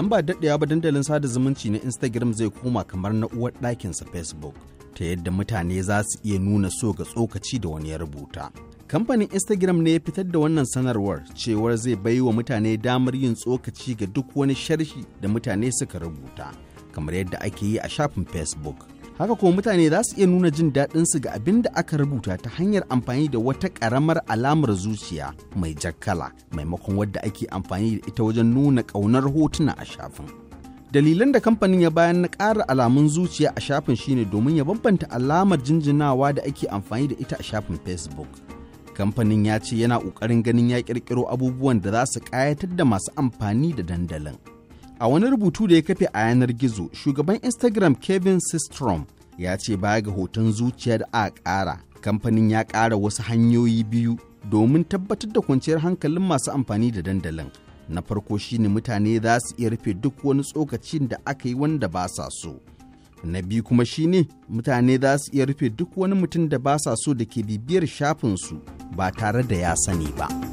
nan ba daɗewa ba dandalin sada zumunci na instagram zai koma kamar na uwar ɗakinsa facebook ta yadda mutane za su iya nuna so ga tsokaci da wani ya rubuta kamfanin instagram ne ya fitar da wannan sanarwar cewar zai bai wa mutane damar yin tsokaci ga duk wani sharhi da mutane suka rubuta kamar yadda ake yi a shafin facebook haka kuma mutane za su iya nuna jin daɗin su ga abin da aka rubuta ta hanyar amfani da wata ƙaramar alamar zuciya mai jakkala maimakon wadda ake amfani da ita wajen nuna ƙaunar hotuna a shafin dalilan da kamfanin ya bayan na ƙara alamun zuciya a shafin shine domin ya bambanta alamar jinjinawa da ake amfani da ita a shafin facebook kamfanin ya ce yana ƙoƙarin ganin ya ƙirƙiro abubuwan da za su ƙayatar da masu amfani da dandalin a wani rubutu da ya kafe a yanar gizo shugaban instagram kevin systrom ya ce baya ga hoton zuciyar a ƙara kamfanin ya ƙara wasu hanyoyi biyu domin tabbatar da kwanciyar hankalin masu amfani da dandalin na farko shine mutane za su iya rufe duk wani tsokacin da aka yi wanda ba sa so na biyu kuma shine mutane za su iya rufe duk wani mutum da ba sa so da ke bibiyar shafinsu ba tare da ya sani ba.